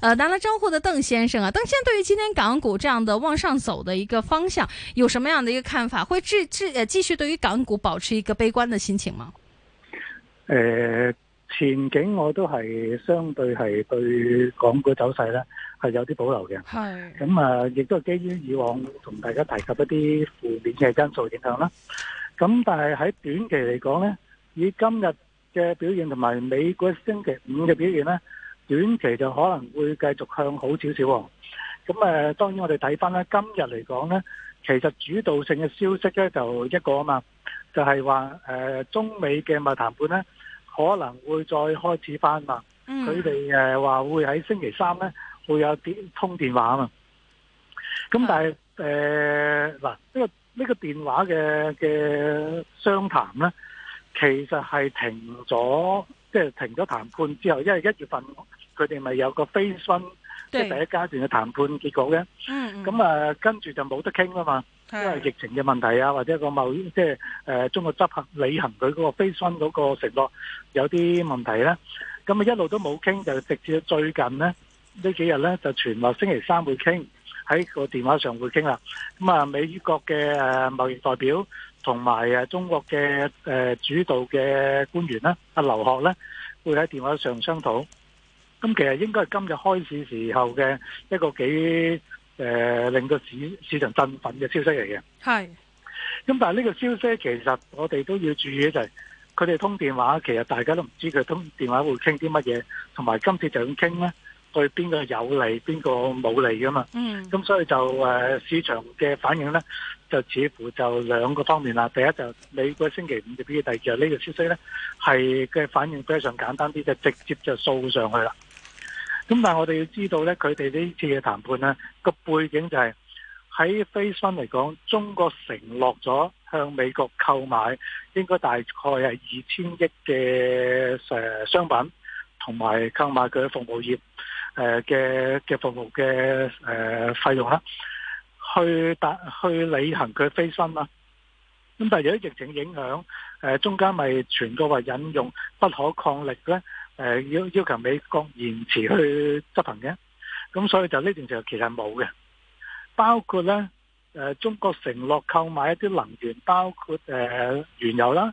呃，打了招呼的鄧先生啊，鄧先生對於今天港股這樣的往上走的一個方向，有什麼樣的一個看法？會繼繼誒繼續對於港股保持一個悲觀的心情嗎？誒、呃，前景我都係相對係對港股走勢呢係有啲保留嘅。係咁是、嗯、啊，亦都係基於以往同大家提及一啲負面嘅因素影響啦。咁、嗯、但係喺短期嚟講呢，以今日嘅表現同埋美國星期五嘅表現呢。短期就可能會繼續向好少少，咁誒當然我哋睇翻咧，今日嚟講咧，其實主導性嘅消息咧就一個啊嘛，就係話中美嘅密談判咧可能會再開始翻嘛，佢哋話會喺星期三咧會有通電話啊嘛，咁但係嗱呢個呢個電話嘅嘅商談咧，其實係停咗，即係停咗談判之後，因為一月份。佢哋咪有個 phase one，即係第一階段嘅談判結果咧。咁啊，跟住就冇得傾啦嘛，因為疫情嘅問題啊，或者個貿易即係誒中國執行履行佢嗰個 phase one 嗰個承諾有啲問題咧。咁啊一路都冇傾，就直至最近咧呢幾日咧就傳話星期三會傾，喺個電話上會傾啦。咁啊，美國嘅誒貿易代表同埋啊中國嘅誒主導嘅官員啦，阿劉鶴咧會喺電話上商討。咁其實應該係今日開始時候嘅一個幾誒、呃、令到市市場振奮嘅消息嚟嘅。咁是但係呢個消息其實我哋都要注意就係佢哋通電話，其實大家都唔知佢通電話會傾啲乜嘢，同埋今次就咁傾咧，對邊個有利，邊個冇利噶嘛。嗯。咁所以就誒市場嘅反應咧，就似乎就兩個方面啦。第一就你個星期五就表現，第二就呢個消息咧係嘅反應非常簡單啲，就是、直接就掃上去啦。咁但係我哋要知道咧，佢哋呢次嘅談判咧個背景就係喺飛信嚟講，中國承諾咗向美國購買應該大概係二千億嘅誒商品，同埋購買佢服務業誒嘅嘅服務嘅誒費用啦，去達去履行佢飛信啦，咁但係如果疫情影響誒中間咪全國話引用不可抗力咧。誒，要要求美國延遲去執行嘅，咁所以就呢段時候其實冇嘅。包括咧，誒，中國承諾購買一啲能源，包括誒原油啦，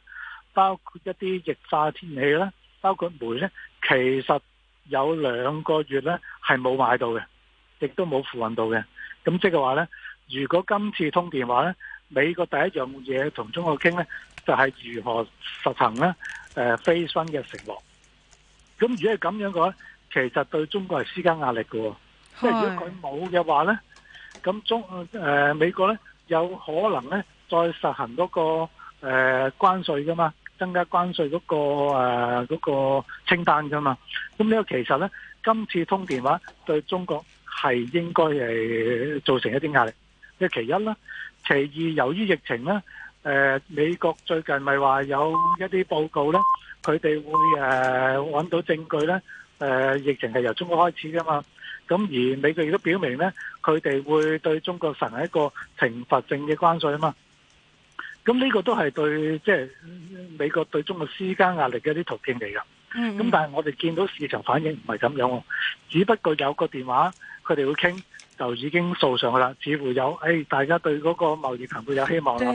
包括一啲液化天然氣啦，包括煤咧，其實有兩個月咧係冇買到嘅，亦都冇付運到嘅。咁即係話咧，如果今次通電話咧，美國第一樣嘢同中國傾咧，就係如何實行咧，誒，非軍嘅承諾。咁如果係咁樣嘅話，其實對中國係施加壓力嘅，即係如果佢冇嘅話咧，咁中誒美國咧有可能咧再實行嗰個誒關稅噶嘛，增加關稅嗰個誒嗰個清單噶嘛，咁呢個其實咧今次通電話對中國係應該係造成一啲壓力，即係其一啦，其二由於疫情咧。誒，美國最近咪話有一啲報告咧，佢哋會誒揾到證據咧，誒，疫情係由中國開始噶嘛。咁而美國亦都表明咧，佢哋會對中國實行一個懲罰性嘅關稅啊嘛。咁呢個都係對，即係美國對中國施加壓力嘅一啲途徑嚟噶。嗯。咁但係我哋見到市場反應唔係咁樣喎，只不過有個電話佢哋會傾。就已經掃上去啦，似乎有誒、哎，大家對嗰個貿易談判有希望啦。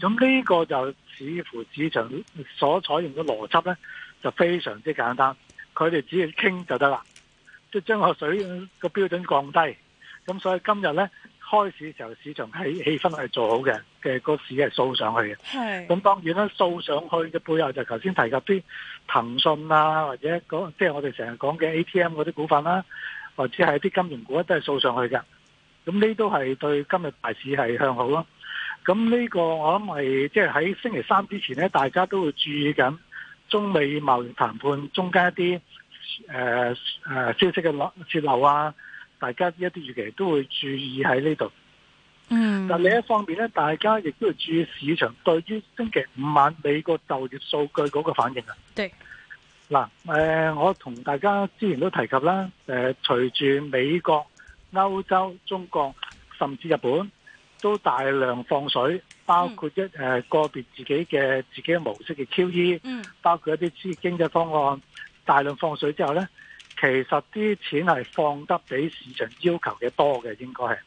咁呢的個就似乎市場所採用嘅邏輯呢，就非常之簡單，佢哋只要傾就得啦，即係將個水個標準降低。咁所以今日呢，開市時候，市場喺氣氛係做好嘅，嘅個市係掃上去嘅。咁的當然啦，掃上去嘅背後就頭先提及啲騰訊啊，或者即係我哋成日講嘅 ATM 嗰啲股份啦。或者係啲金融股都係掃上去嘅，咁呢都係對今日大市係向好咯。咁呢個我諗係即係喺星期三之前咧，大家都會注意緊中美貿易談判中間一啲誒誒消息嘅洩露啊，大家一啲預期都會注意喺呢度。嗯。但另一方面咧，大家亦都要注意市場對於星期五晚美國就業數據嗰個反應啊。對。嗱、呃，我同大家之前都提及啦，誒、呃，隨住美國、歐洲、中國甚至日本都大量放水，包括一誒、嗯呃、個別自己嘅自己嘅模式嘅 QE，嗯，包括一啲經濟方案大量放水之後呢，其實啲錢係放得比市場要求嘅多嘅，應該係，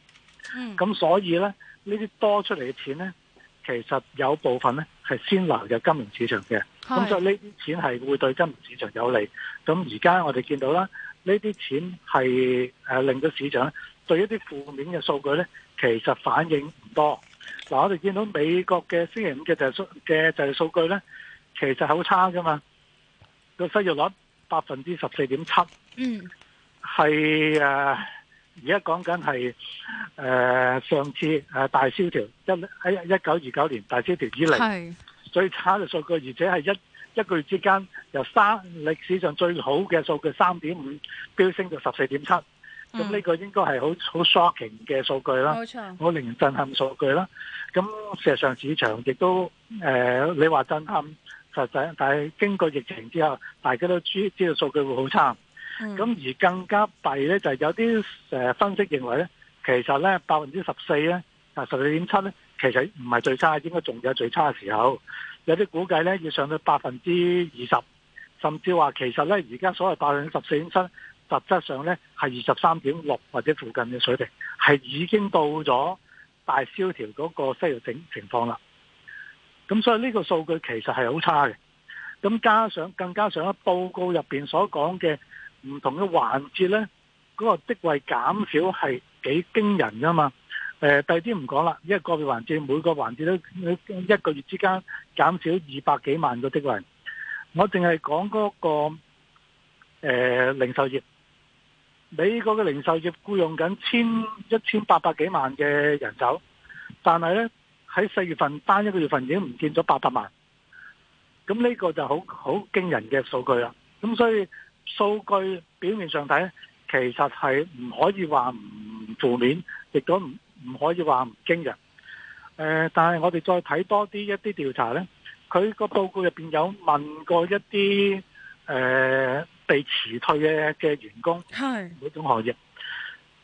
嗯，咁所以呢，呢啲多出嚟嘅錢呢，其實有部分呢，係先流入金融市場嘅，咁所以呢啲錢係會對金融市場有利。咁而家我哋見到啦，呢啲錢係誒令到市場對一啲負面嘅數據咧，其實反應唔多。嗱，我哋見到美國嘅星期五嘅就係數嘅就係數據咧，其實係好差噶嘛，個失業率百分之十四點七，嗯，係誒。而家講緊係誒上次誒大蕭條一喺一九二九年大蕭條以嚟，是最差嘅數據，而且係一一個月之間由三歷史上最好嘅數據三點五飆升到十四點七，咁呢、嗯、個應該係好好 shocking 嘅數據啦，好令人震撼數據啦。咁事實上市場亦都誒、呃、你話震撼實際，但係經過疫情之後，大家都知知道數據會好差。咁、嗯、而更加弊咧，就係有啲誒分析認為咧，其實咧百分之十四咧，啊十四點七咧，其實唔係最差，應該仲有最差嘅時候。有啲估計咧，要上到百分之二十，甚至話其實咧，而家所謂百分之十四點七，實質上咧係二十三點六或者附近嘅水平，係已經到咗大蕭條嗰個失業情況啦。咁所以呢個數據其實係好差嘅。咁加上更加上，咧報告入面所講嘅。唔同嘅環節呢，嗰個職位減少係幾驚人噶嘛？誒，第二啲唔講啦，因為個別環節每個環節都一個月之間減少二百幾萬個職位。我淨係講嗰個、呃、零售業，美國嘅零售業僱用緊千一千八百幾萬嘅人手，但係呢，喺四月份單一個月份已經唔見咗八百萬，咁呢個就好好驚人嘅數據啦。咁所以，數據表面上睇，其實係唔可以話唔負面，亦都唔唔可以話唔驚人。誒，但係我哋再睇多啲一啲調查咧，佢個報告入邊有問過一啲誒被辭退嘅嘅員工，係每種行業。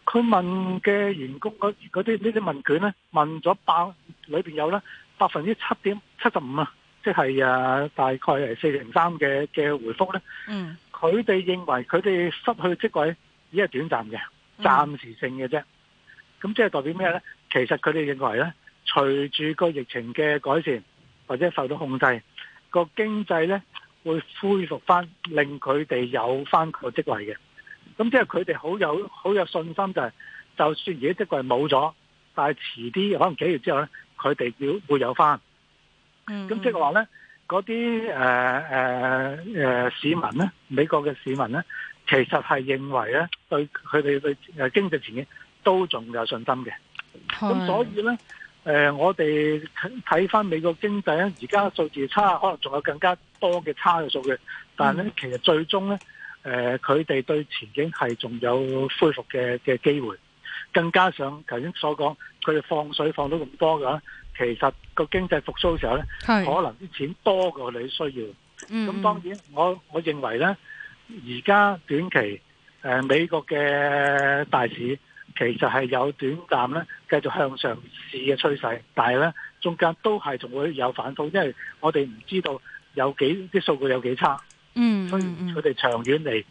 佢問嘅員工嗰嗰啲呢啲問卷咧，問咗百裏邊有咧，百分之七點七十五啊，即係啊大概係四零三嘅嘅回覆咧。嗯。佢哋認為佢哋失去職位只係短暫嘅、暫時性嘅啫。咁即係代表咩呢？其實佢哋認為呢，隨住個疫情嘅改善或者受到控制，個經濟呢會恢復翻，令佢哋有翻個職位嘅。咁即係佢哋好有好有信心，就係，就係就算而家職位冇咗，但係遲啲可能幾月之後呢，佢哋要會有翻。咁即係話呢。嗰啲誒市民咧，美國嘅市民咧，其實係認為咧，對佢哋對經濟前景都仲有信心嘅。咁所以咧、呃，我哋睇翻美國經濟咧，而家數字差，可能仲有更加多嘅差嘅數據，但係咧，其實最終咧，呃、佢哋對前景係仲有恢復嘅嘅機會。更加上頭先所講，佢哋放水放到咁多㗎。其實個經濟復蘇時候咧，是可能啲錢多過你需要。咁、嗯、當然我，我我認為咧，而家短期誒、呃，美國嘅大市其實係有短暫咧繼續向上市嘅趨勢，但係咧中間都係仲會有反復，因為我哋唔知道有幾啲數據有幾差。嗯，嗯，嗯，所以佢哋長遠嚟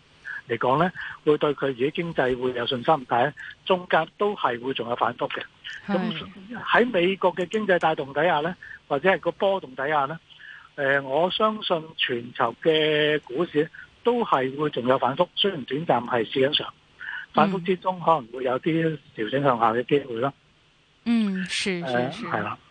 嚟講呢，會對佢自己經濟會有信心，但係中間都係會仲有反覆嘅。咁喺是美國嘅經濟帶動底下呢，或者係個波動底下呢，誒、呃，我相信全球嘅股市都係會仲有反覆，雖然短暫係試一上，反覆之中可能會有啲調整向下嘅機會咯。嗯，是係、呃、啦。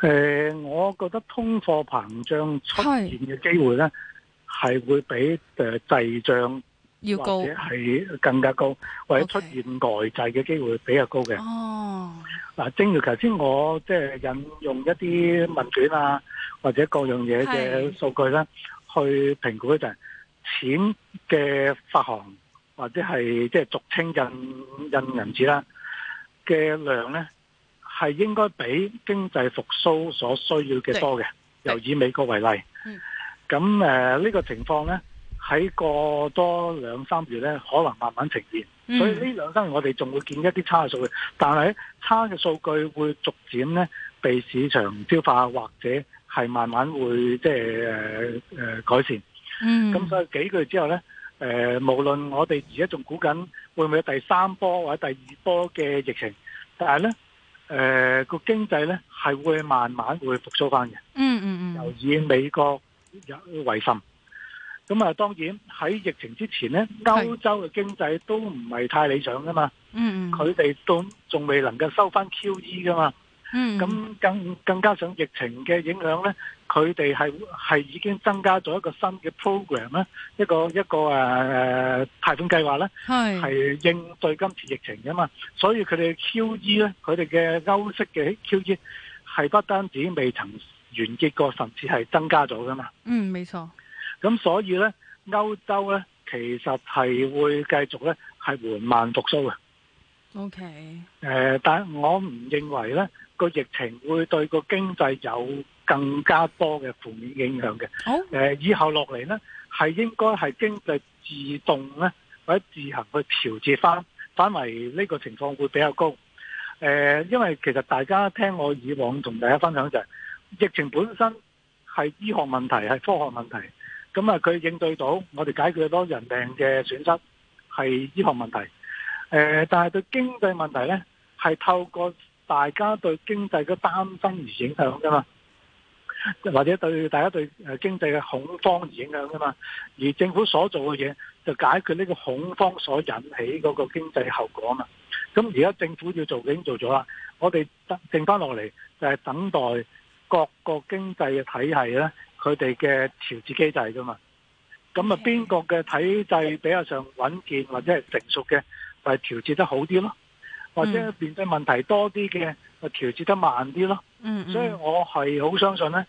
誒、呃，我覺得通貨膨脹出現嘅機會咧，係是會比誒滯脹或者係更加高，高或者出現外滯嘅機會比較高嘅。Okay, 哦，嗱，正如頭先我即係引用一啲問卷啊，嗯、或者各樣嘢嘅數據咧，是去評估就係錢嘅發行或者係即係俗稱印印銀紙啦嘅量咧。係應該比經濟復甦所需要嘅多嘅。又的以美國為例，咁誒呢個情況呢，喺過多兩三月呢，可能慢慢呈現。所以呢兩三月我哋仲會見一啲差嘅數據，但係差嘅數據會逐漸呢，被市場消化，或者係慢慢會即係誒改善。咁的所以幾個月之後呢，誒、呃、無論我哋而家仲估緊會唔會有第三波或者第二波嘅疫情，但係呢。誒，個、呃、經濟咧係會慢慢會復蘇翻嘅。嗯嗯嗯。尤以美國為甚。咁啊，當然喺疫情之前咧，歐是洲嘅經濟都唔係太理想噶嘛。嗯佢、嗯、哋都仲未能夠收翻 QE 噶嘛。嗯,嗯。咁更更加上疫情嘅影響咧。佢哋係係已經增加咗一個新嘅 program 咧，一個一個誒貸款計劃咧，係應對今次疫情㗎嘛。所以佢哋 QE 咧，佢哋嘅歐式嘅 QE 係不單止未曾完結過，甚至係增加咗㗎嘛。嗯，冇錯。咁所以咧，歐洲咧其實係會繼續咧係緩慢復甦嘅。OK。誒，但我唔認為咧。個疫情會對個經濟有更加多嘅負面影響嘅。誒，以後落嚟呢，係應該係經濟自動或者自行去調節翻，翻嚟呢個情況會比較高。誒、呃，因為其實大家聽我以往同大家分享就係、是，疫情本身係醫學問題，係科學問題。咁啊，佢應對到我哋解決咗人命嘅損失係醫學問題。誒、呃，但係對經濟問題呢，係透過。大家對經濟嘅擔心而影響噶嘛，或者對大家對誒經濟嘅恐慌而影響噶嘛，而政府所做嘅嘢就解決呢個恐慌所引起嗰個經濟後果嘛。咁而家政府要做嘅已經做咗啦，我哋剩翻落嚟就係等待各個經濟嘅體系咧，佢哋嘅調節機制噶嘛。咁啊，邊個嘅體制比較上穩健或者係成熟嘅，就係調節得好啲咯。或者面對問題多啲嘅，調節得慢啲咯。嗯，所以我係好相信咧，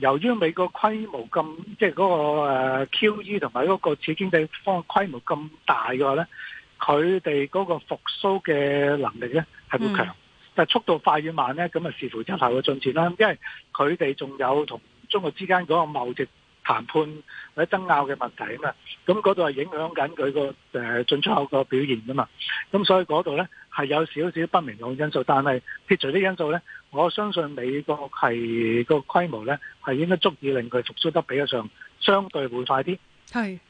由於美國規模咁，即係嗰個 QE 同埋嗰個次經濟方規模咁大嘅話咧，佢哋嗰個復甦嘅能力咧係會強，嗯、但係速度快與慢咧，咁啊視乎之後嘅進展啦。因為佢哋仲有同中國之間嗰個貿易談判或者爭拗嘅問題啊嘛，咁嗰度係影響緊佢個誒進出口個表現啊嘛，咁所以嗰度咧係有少少不明朗嘅因素，但係撇除啲因素咧，我相信美國係個規模咧係應該足以令佢復蘇得比較上相對會快啲。係是，誒、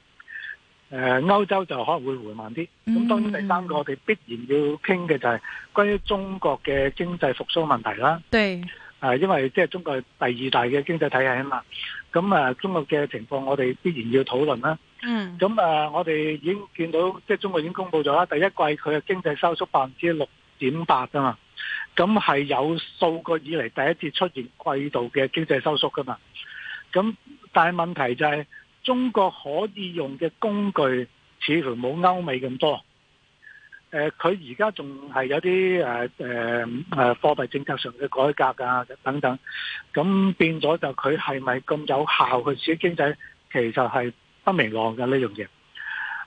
呃，歐洲就可能會緩慢啲。咁當然第三個我哋必然要傾嘅就係關於中國嘅經濟復甦問題啦。對。啊，因為即係中國係第二大嘅經濟體係啊嘛，咁啊，中國嘅情況我哋必然要討論啦。嗯。咁啊，我哋已經見到即係、就是、中國已經公布咗啦，第一季佢嘅經濟收縮百分之六點八啊嘛，咁係有數個以嚟第一次出現季度嘅經濟收縮噶嘛。咁但係問題就係、是、中國可以用嘅工具似乎冇歐美咁多。誒，佢而家仲係有啲誒誒誒貨幣政策上嘅改革啊等等，咁變咗就佢係咪咁有效去刺激經濟，其實係不明朗嘅呢樣嘢。誒、這個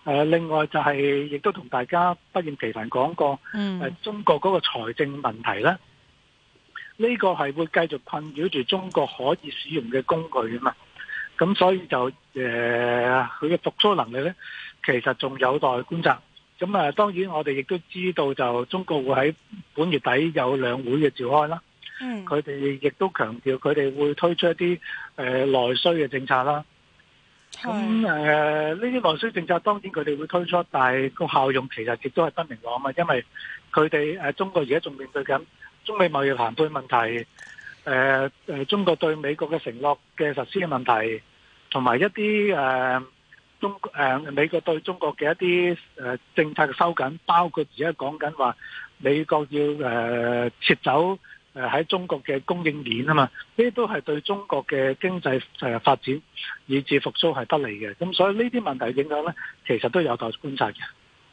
呃，另外就係、是、亦都同大家不厭其煩講過，誒、呃，中國嗰個財政問題咧，呢、這個係會繼續困擾住中國可以使用嘅工具啊嘛。咁所以就誒，佢嘅復蘇能力咧，其實仲有待觀察。咁啊、嗯，當然我哋亦都知道就中國會喺本月底有兩會嘅召開啦。嗯，佢哋亦都強調佢哋會推出一啲誒內需嘅政策啦。咁誒呢啲內需政策當然佢哋會推出，但係個效用其實亦都係不明朗啊嘛，因為佢哋誒中國而家仲面對緊中美貿易談判問題，誒、呃、誒中國對美國嘅承諾嘅實施嘅問題，同埋一啲誒。呃中誒、呃、美國對中國嘅一啲誒、呃、政策嘅收緊，包括而家講緊話美國要誒、呃、撤走誒喺、呃、中國嘅供應鏈啊嘛，呢啲都係對中國嘅經濟誒、呃、發展以至復甦係不利嘅。咁所以呢啲問題嘅影響咧，其實都有待觀察嘅。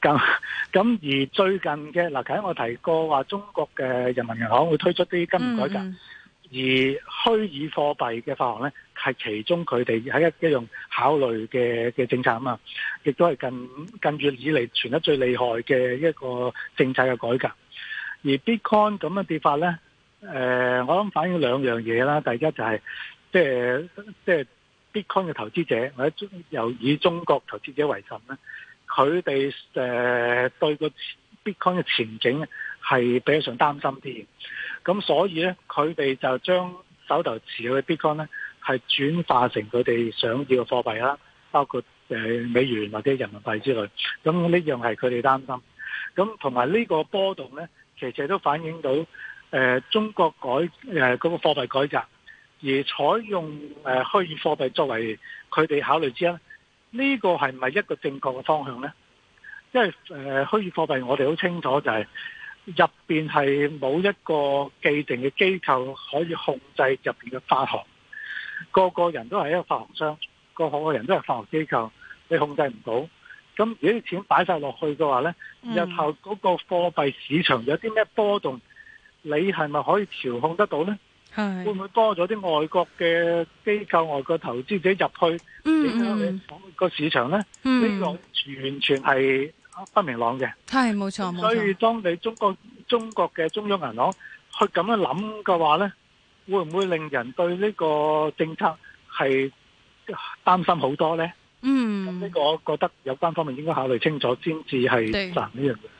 咁咁 而最近嘅嗱，頭先我提過話，中國嘅人民銀行會推出啲金融改革，嗯、而虛擬貨幣嘅發行呢，係其中佢哋喺一一樣考慮嘅嘅政策啊嘛，亦都係近近月以嚟傳得最厲害嘅一個政策嘅改革。而 Bitcoin 咁樣跌法呢，誒、呃，我諗反映兩樣嘢啦，第一就係、是、即係、就、即、是、係、就是、Bitcoin 嘅投資者或者由以中國投資者為甚咧。佢哋誒對個 Bitcoin 嘅前景係比較上擔心啲，咁所以咧，佢哋就將手頭持有嘅 Bitcoin 咧，係轉化成佢哋想要嘅貨幣啦，包括誒美元或者人民幣之類。咁呢樣係佢哋擔心。咁同埋呢個波動咧，其實都反映到誒、呃、中國改誒嗰個貨幣改革而採用誒虛擬貨幣作為佢哋考慮之一。呢個係唔係一個正確嘅方向咧？因為誒，虛擬貨幣我哋好清楚就係入邊係冇一個既定嘅機構可以控制入邊嘅發行。個個人都係一個發行商，個個人都係發行機構，你控制唔到。咁如果啲錢擺晒落去嘅話咧，日後嗰個貨幣市場有啲咩波動，你係咪可以調控得到咧？會唔會多咗啲外國嘅機構、外國投資者入去影響個市場咧？呢個完全係不明朗嘅。係，冇錯，所以當你中國中國嘅中央銀行去咁樣諗嘅話咧，會唔會令人對呢個政策係擔心好多咧？嗯，呢個我覺得有關方面應該考慮清楚先至係散呢樣嘢。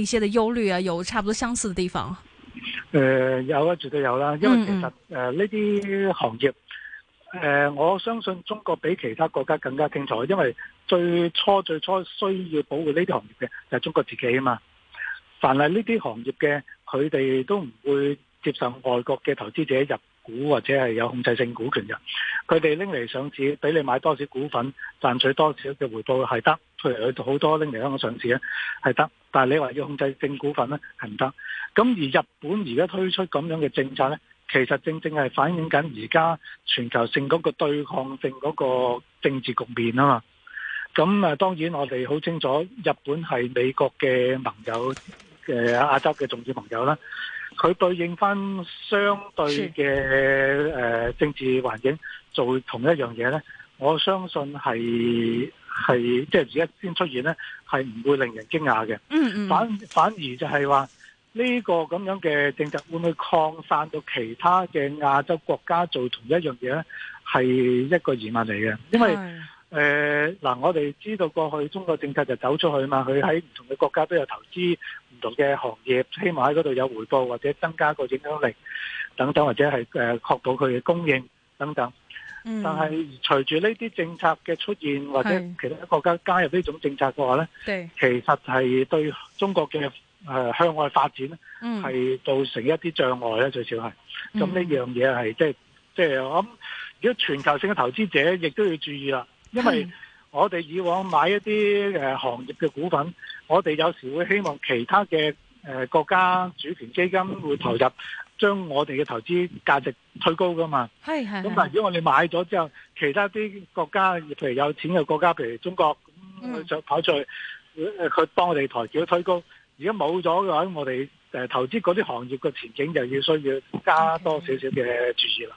一些的憂慮啊，有差不多相似的地方。誒，有啊，絕對有啦。因為其實誒呢啲行業，誒、嗯呃，我相信中國比其他國家更加清楚，因為最初最初需要保護呢啲行業嘅就係中國自己啊嘛。凡係呢啲行業嘅，佢哋都唔會接受外國嘅投資者入股或者係有控制性股權嘅。佢哋拎嚟上市，俾你買多少股份，賺取多少嘅回報係得。譬如佢好多拎嚟香港上市咧，係得，但係你話要控制性股份咧，係唔得。咁而日本而家推出咁樣嘅政策咧，其實正正係反映緊而家全球性嗰個對抗性嗰個政治局面啊嘛。咁啊，當然我哋好清楚日本係美國嘅盟友，嘅亞洲嘅重要盟友啦。佢對應翻相對嘅誒政治環境做同一樣嘢咧。我相信係係即係而家先出現呢，係唔會令人驚訝嘅。嗯嗯，反反而就係話呢個咁樣嘅政策會唔會擴散到其他嘅亞洲國家做同一樣嘢呢？係一個疑問嚟嘅。因為誒嗱是、呃，我哋知道過去中國政策就走出去嘛，佢喺唔同嘅國家都有投資唔同嘅行業，希望喺嗰度有回報或者增加個影響力等等，或者係誒確保佢嘅供應等等。嗯、但係隨住呢啲政策嘅出現，或者其他國家加入呢種政策嘅話呢是其實係對中國嘅、呃、向外發展咧，係造成一啲障礙咧，最少係。咁呢、嗯、樣嘢係即係即係我諗，如果全球性嘅投資者亦都要注意啦，因為我哋以往買一啲、呃、行業嘅股份，我哋有時會希望其他嘅。誒國家主權基金會投入，將我哋嘅投資價值推高㗎嘛？係係。咁但係如果我哋買咗之後，其他啲國家，譬如有錢嘅國家，譬如中國，咁佢著跑出去，佢佢幫我哋抬轎推高。如果冇咗嘅話，我哋誒投資嗰啲行業嘅前景就要需要加多少少嘅注意啦。